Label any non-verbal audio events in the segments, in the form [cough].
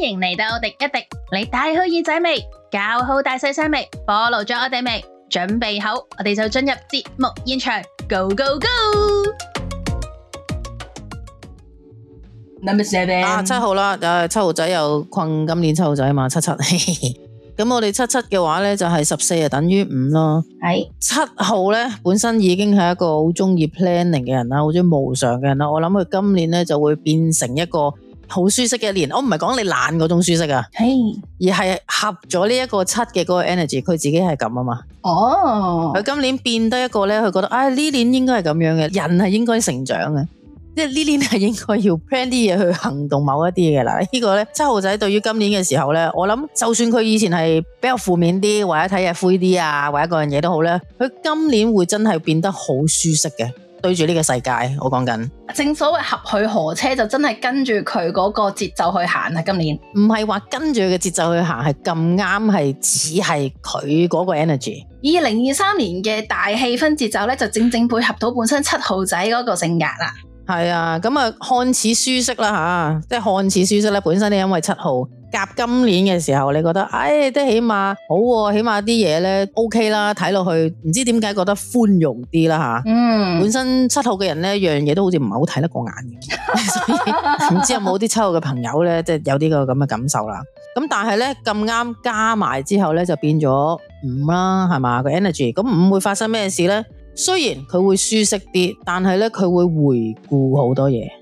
歡迎嚟到廸一廸，你帶好耳仔未？搞好大細聲未？暴露咗我哋未？準備好，我哋就進入節目現場，Go Go Go！啊，七號啦，誒，七號仔又困，今年七號仔嘛，七七。咁我哋七七嘅話咧，就係十四就等於五咯。係七號咧，本身已經係一個好中意 planning 嘅人啦，好中意無常嘅人啦。我諗佢今年咧就會變成一個。好舒適嘅一年，我唔係講你懶嗰種舒適啊，係 Hey. 而係合咗呢一個七嘅嗰個 energy，佢自己係咁啊嘛。哦，佢今年變得一個咧，佢覺得啊呢、哎、年應該係咁樣嘅，人係應該成長嘅，即係呢年係應該要 plan 啲嘢去行動某一啲嘅啦。個呢個咧，七號仔對於今年嘅時候咧，我諗就算佢以前係比較負面啲，或者睇嘢灰啲啊，或者嗰樣嘢都好咧，佢今年會真係變得好舒適嘅。對住呢個世界，我講緊，正所謂合去合車，就真係跟住佢嗰個節奏去行啦。今年唔係話跟住佢嘅節奏去行，係咁啱，係只係佢嗰個 energy。二零二三年嘅大氣氛節奏咧，就正正配合到本身七號仔嗰個性格啦。係啊，咁啊，看似舒適啦吓，啊，即係看似舒適咧，本身都因為七號。夾今年嘅時候，你覺得，哎，即起碼好喎、啊，起碼啲嘢咧 OK 啦，睇落去，唔知點解覺得寬容啲啦嚇。嗯。本身七號嘅人咧，樣嘢都好似唔係好睇得過眼嘅，所以唔知有冇啲七號嘅朋友咧，即係有啲、呢個咁嘅感受啦。咁但係咧，咁啱加埋之後咧，就變咗五啦，係嘛，個 energy。咁五會發生咩事咧？雖然佢會舒適啲，但係咧佢會回顧好多嘢。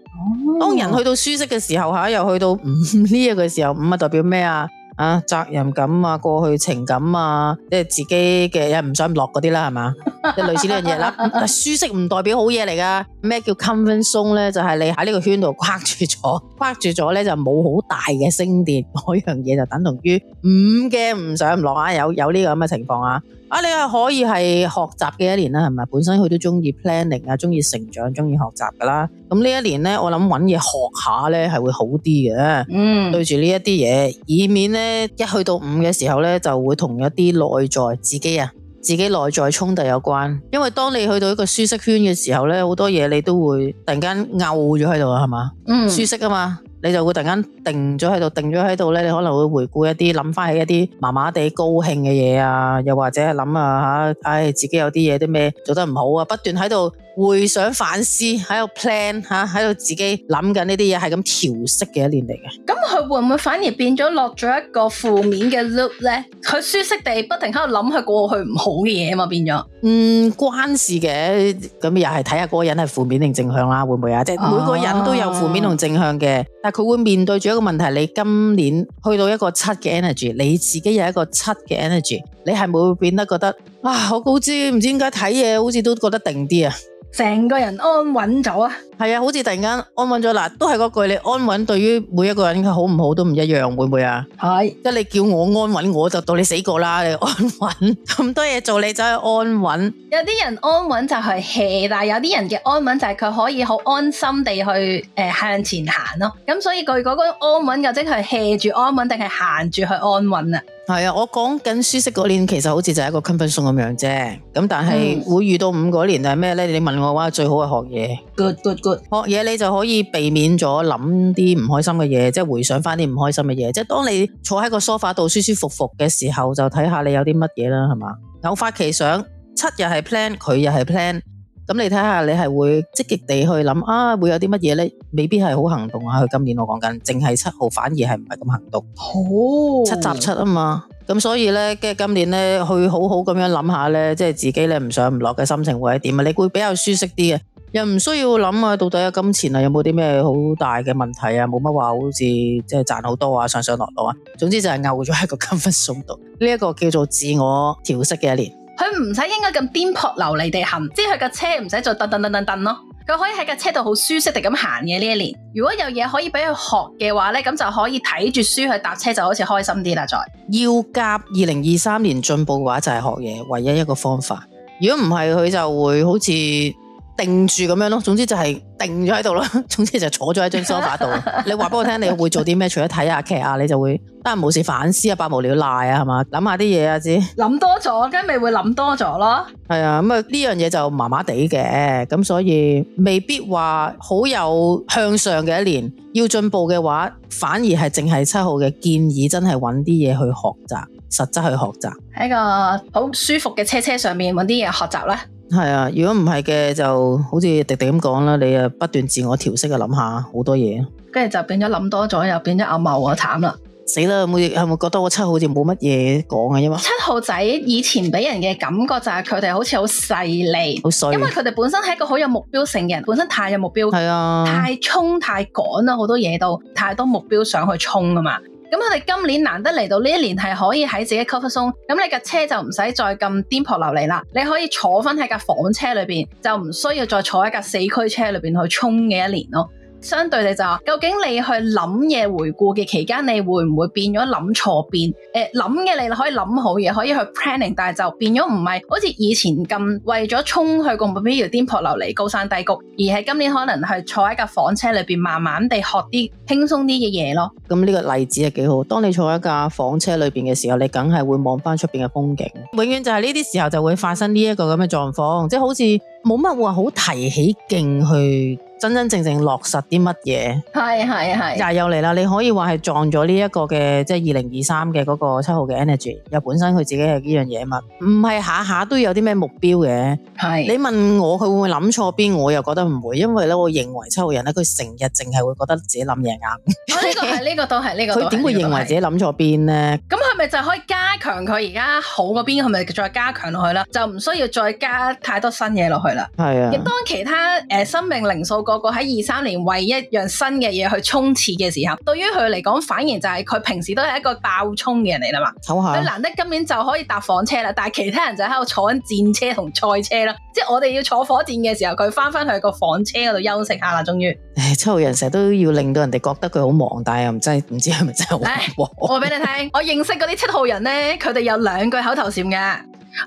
當人去到舒適嘅時候吓、啊，又去到五呢一個嘅時候，五啊代表咩啊？啊責任感啊，過去情感啊，即係自己嘅又唔想咁落嗰啲啦，係嘛？即係 [laughs] 類似呢樣嘢啦。 [laughs] 舒適唔代表好嘢嚟噶，咩叫 comfort zone 咧？就係、是、你喺呢個圈度框住咗，框住咗咧就冇好大嘅升跌，嗰樣嘢就等同於五嘅唔想咁落、這個、啊！有有呢個咁嘅情況啊！啊，你係可以係學習嘅一年啦，係咪？本身佢都中意 planning 啊，中意成長，中意學習噶啦。咁呢一年咧，我諗搵嘢學下咧，係會好啲嘅。嗯，對住呢一啲嘢，以免咧一去到五嘅時候咧，就會同一啲內在自己啊，自己內在衝突有關。因為當你去到一個舒適圈嘅時候咧，好多嘢你都會突然間拗咗喺度啊，係嘛？嗯，舒適啊嘛。你就會突然間定咗喺度，定咗喺度咧，你可能會回顧一啲諗翻起一啲麻麻地高興嘅嘢啊，又或者係諗啊嚇，唉、哎，自己有啲嘢啲咩做得唔好啊，不斷喺度。會想反思喺度 plan 吓、啊，喺度自己諗緊呢啲嘢，係咁調適嘅一年嚟嘅。咁佢會唔會反而變咗落咗一個負面嘅 loop 咧？佢舒適地不停喺度諗佢過去唔好嘅嘢嘛，變咗。嗯，關事嘅。咁又係睇下嗰個人係負面定正向啦，會唔會啊？即係每個人都有負面同正向嘅，啊、但係佢會面對住一個問題。你今年去到一個七嘅 energy，你自己有一個七嘅 energy，你係冇會變得覺得啊我好高知，唔知點解睇嘢好似都覺得定啲啊？成個人安穩咗啊！係 [noise] 啊，好似突然間安穩咗嗱，都係嗰句你安穩對於每一個人佢好唔好都唔一樣，會唔會啊？係即係你叫我安穩，我就到你死過啦！你安穩咁多嘢做你，你走去安穩。有啲人安穩就係 hea 但係有啲人嘅安穩就係佢可以好安心地去誒、呃、向前行咯、啊。咁所以據嗰個安穩，又即係 hea 住安穩定係行住去安穩啊？係啊，我講緊舒適嗰年其實好似就係一個 conclusion 咁樣啫。咁但係會遇到五嗰年就係咩呢？你問。我話最好係學嘢，good good good。學嘢你就可以避免咗諗啲唔開心嘅嘢，即係回想翻啲唔開心嘅嘢。即係當你坐喺個梳化度舒舒服服嘅時候，就睇下你有啲乜嘢啦，係嘛？偶發奇想，七日係 plan，佢又係 plan。咁你睇下你係會積極地去諗啊，會有啲乜嘢呢？未必係好行動啊。佢今年我講緊，淨係七號反而係唔係咁行動。哦，oh. 七集七啊嘛。咁所以咧，即係今年咧，去好好咁樣諗下咧，即係自己咧唔上唔落嘅心情會係點啊？你會比較舒適啲啊，又唔需要諗啊，到底有金錢啊，有冇啲咩好大嘅問題啊？冇乜話，好似即係賺好多啊，上上落落啊。總之就係牛咗喺個金分數度，呢、這、一個叫做自我調適嘅一年。佢唔使應該咁顛沛流離地行，即係佢架車唔使再噔噔噔噔噔咯。佢可以喺架車度好舒適地咁行嘅呢一年。如果有嘢可以俾佢學嘅話咧，咁就可以睇住書去搭車就好似開心啲啦。再要夾二零二三年進步嘅話，就係學嘢唯一一個方法。如果唔係，佢就會好似。定住咁樣咯，總之就係定咗喺度咯。總之就坐咗喺張梳化度。 [laughs] 你話俾我聽，你會做啲咩？除咗睇下劇啊，你就會，得閒冇事反思想想啊，百無聊賴啊，係嘛，諗下啲嘢啊知，諗多咗，跟住會諗多咗咯。係啊，咁啊呢樣嘢就麻麻地嘅，咁所以未必話好有向上嘅一年。要進步嘅話，反而係淨係七號嘅建議，真係揾啲嘢去學習，實質去學習。喺個好舒服嘅車車上面揾啲嘢學習啦。係啊，如果唔係嘅，就好似迪迪咁講啦，你啊不斷自我調息啊，諗下好多嘢，跟住就變咗諗多咗又變咗阿茂啊慘啦，死啦！ [laughs] 有冇係咪覺得我七號好似冇乜嘢講啊？因為七號仔以前俾人嘅感覺就係佢哋好似好勢利，好衰，因為佢哋本身係一個好有目標性嘅人，本身太有目標，係啊，太衝太趕啦，好多嘢都太多目標想去衝啊嘛。咁我哋今年難得嚟到呢一年係可以喺自己嘅 comfort zone，咁你架車就唔使再咁顛沛流離啦，你可以坐翻喺架房車裏面，就唔需要再坐喺一架四驅車裏面去衝嘅一年咯。相對地就話，究竟你去諗嘢回顧嘅期間，你會唔會變咗諗錯變？誒諗嘢，你可以諗好嘢，可以去 planning，但係就變咗唔係好似以前咁為咗衝去個邊度顛沛流離高山低谷，而係今年可能係坐喺架房車裏邊慢慢地學啲輕鬆啲嘅嘢咯。咁呢、嗯這個例子係幾好。當你坐喺架房車裏邊嘅時候，你梗係會望翻出邊嘅風景。永遠就係呢啲時候就會發生呢一個咁嘅狀況，即係好似。冇乜話好提起勁去真真正正落實啲乜嘢，係係係，又嚟啦！你可以話係撞咗呢一個嘅，即係二零二三嘅嗰個七號嘅 energy，又本身佢自己係呢樣嘢嘛，唔係下下都有啲咩目標嘅。係是你問我佢會唔會諗錯邊？我又覺得唔會，因為咧，我認為七號人咧，佢成日淨係會覺得自己諗嘢啱。呢、 [laughs] 哦這個係呢、這個都係呢、這個。佢點會認為自己諗錯邊咧？咁係咪就可以加強佢而家好嗰邊，係咪再加強落去啦？就唔需要再加太多新嘢落去。係啊！亦當其他誒、呃、生命靈數個個喺二三年為一,一樣新嘅嘢去衝刺嘅時候，對於佢嚟講，反而就係佢平時都係一個爆衝嘅人嚟啦嘛。好係瞧難得今年就可以搭房車啦，但係其他人就喺度坐緊戰車同賽車咯。即係我哋要坐火箭嘅時候，佢翻翻去個房車嗰度休息下啦。終於七號人成日都要令到人哋覺得佢好忙，但係又唔真係，唔知係咪真係好忙、欸。我俾你聽， [laughs] 我認識嗰啲七號人咧，佢哋有兩句口頭禪嘅。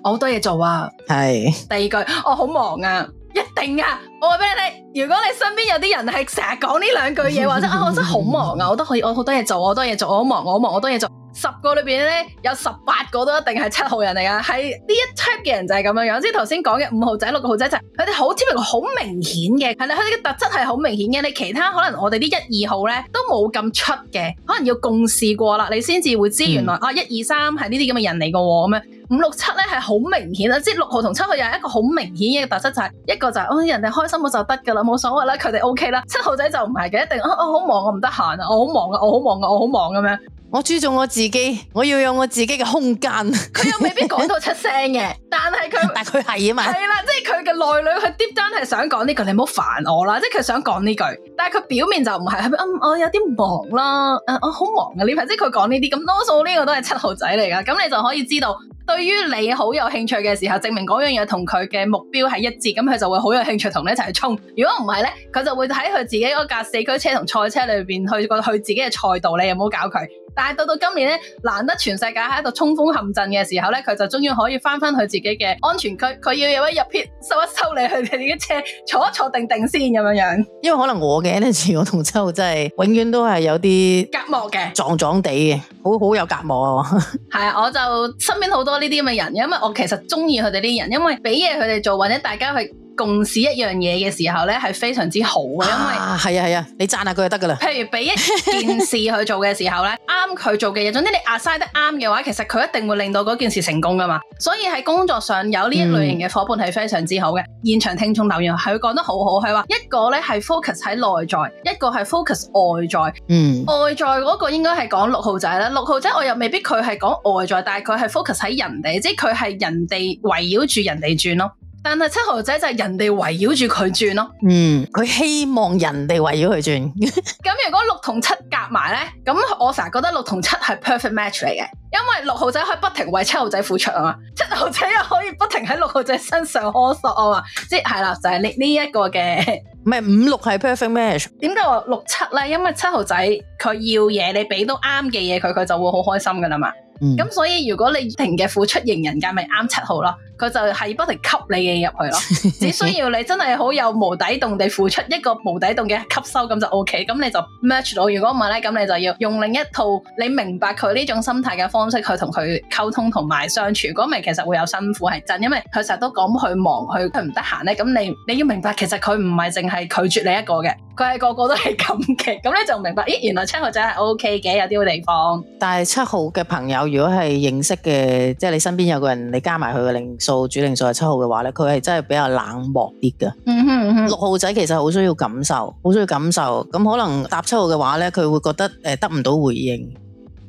我好多嘢做啊是，係第二句，我、哦、好忙啊，一定啊，我話俾你聽，如果你身邊有啲人係成日講呢兩句嘢，或者啊，我真係好忙啊，我都可以，我好多嘢做，我多嘢做，我好忙，我好忙，我多嘢做，十個裏邊咧有十八個都一定係七號人嚟噶，係呢一 type 嘅人就係咁樣樣，即係頭先講嘅五號仔、六個號仔就佢哋好鮮明、好明顯嘅，係啦，佢哋嘅特質係好明顯嘅，你其他可能我哋啲一二號咧都冇咁出嘅，可能要共事過啦，你先至會知原來、嗯、啊一二三係呢啲咁嘅人嚟噶咁樣。五六七咧係好明顯啦，即係六號同七號又係一個好明顯嘅特質，就係一個就係、嗯，哦，人哋開心我就得噶啦，冇所謂啦，佢哋 O K 啦。七號仔就唔係嘅，一定哦我，我好忙我唔得閒啊，我好忙啊，我好忙啊，我好忙咁樣。我注重我自己，我要有我自己嘅空間。佢又未必講到出聲嘅， [laughs] 但係佢，但係佢係啊嘛，係啦，即係佢嘅內裡，佢啲真 e 係想講呢句，你唔好煩我啦，即係佢想講呢句，但係佢表面就唔係，係咪、嗯哦嗯嗯哦、啊？我有啲忙啦，我好忙啊，呢排即係佢講呢啲，咁多數呢個都係七號仔嚟噶，咁你就可以知道。對於你好有興趣嘅時候，證明嗰樣嘢同佢嘅目標係一致，咁佢就會好有興趣同你一齊去衝。如果唔係咧，佢就會喺佢自己嗰架四驅車同賽車裏邊去個去自己嘅賽道。你又冇搞佢，但係到到今年咧，難得全世界喺度個衝鋒陷陣嘅時候咧，佢就終於可以返返去自己嘅安全區。佢要有一日撇收 t 修一修你佢哋啲車，坐一坐定定先咁樣樣。因為可能我嘅 energy 我同秋真係永遠都係有啲隔膜嘅，撞撞地嘅，好好有隔膜啊！係 [laughs] 啊，我就身邊好多。多呢啲咁嘅人，因為我其實中意佢哋啲人，因為俾嘢佢哋做，或者大家去。重視一樣嘢嘅時候咧，係非常之好嘅，因為係啊係啊，你贊下佢就得噶啦。譬如俾一件事去做嘅時候咧，啱佢 [laughs] 做嘅嘢，總之你 a 晒得啱嘅話，其實佢一定會令到嗰件事成功噶嘛。所以喺工作上有呢一類型嘅伙伴係非常之好嘅。嗯、現場聽眾留言係佢講得好好，係話一個咧係 focus 喺內在，一個係 focus 外在。嗯，外在嗰個應該係講六號仔啦。六號仔我又未必佢係講外在，但係佢係 focus 喺人哋，即係佢係人哋圍繞住人哋轉咯。但係七號仔就係人哋圍繞住佢轉咯，嗯，佢希望人哋圍繞佢轉。咁 [laughs] 如果六同七夾埋咧，咁我成日覺得六同七係 perfect match 嚟嘅，因為六號仔可以不停為七號仔付出啊嘛，七號仔又可以不停喺六號仔身上安索啊嘛，即係啦，就係、係、呢呢一個嘅。唔係五六係 perfect match，點解話六七咧？因為七號仔佢要嘢，你俾到啱嘅嘢佢，佢就會好開心噶啦嘛。咁、嗯、所以如果你停嘅付出型人格，咪啱七號咯，佢就係不停吸你嘅嘢入去咯， [laughs] 只需要你真係好有無底洞地付出一個無底洞嘅吸收，咁就 O K，咁你就 match 到。如果唔係咧，咁你就要用另一套你明白佢呢種心態嘅方式去同佢溝通同埋相處。如果唔係，其實會有辛苦係真，因為佢成日都講佢忙，佢佢唔得閒咧。咁你你要明白，其實佢唔係淨係拒絕你一個嘅。佢係個個都係咁嘅，咁你就明白，咦，原來七號仔係 O K 嘅，有啲好地方。但係七號嘅朋友，如果係認識嘅，即係你身邊有個人，你加埋佢嘅零數，主零數係七號嘅話咧，佢係真係比較冷漠啲噶。嗯哼，六號仔其實好需要感受，好需要感受。咁可能搭七號嘅話咧，佢會覺得誒得唔到回應，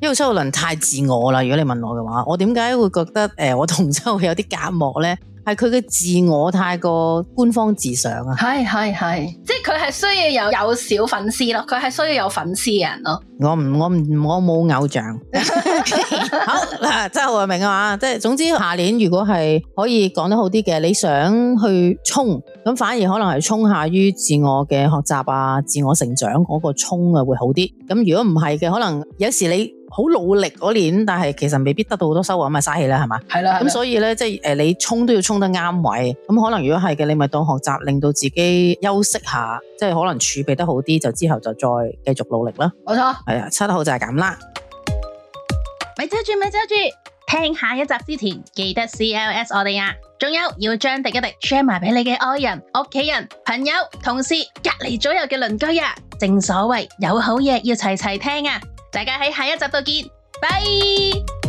因為七號輪太自我啦。如果你問我嘅話，我點解會覺得誒我同七號有啲隔膜咧？係佢嘅自我太過官方自賞啊！係係係，即係佢係需要有有小粉絲咯，佢係需要有粉絲嘅人咯。我唔我唔我冇偶像。 [laughs] [noise] [laughs] 好，真係明啊嘛，即係總之下年如果係可以講得好啲嘅，你想去衝咁，反而可能係衝下於自我嘅學習啊，自我成長嗰個衝啊會好啲。咁如果唔係嘅，可能有時你好努力嗰年，但係其實未必得到好多收穫嘛，嘥氣啦，係嘛？係啦。咁所以呢，即係誒、呃，你衝都要衝得啱位。咁可能如果係嘅，你咪當學習，令到自己休息下，即係可能儲備得好啲，就之後就再繼續努力啦。冇錯。係啊，七號就係咁啦。咪住住咪住住，聽下一集之前記得 CLS 我哋啊。仲有，要將滴一滴 share 埋俾你嘅愛人、屋企人、朋友、同事、隔籬左右嘅鄰居啊。正所謂有好嘢要齊齊聽啊！大家喺下一集度見，拜拜。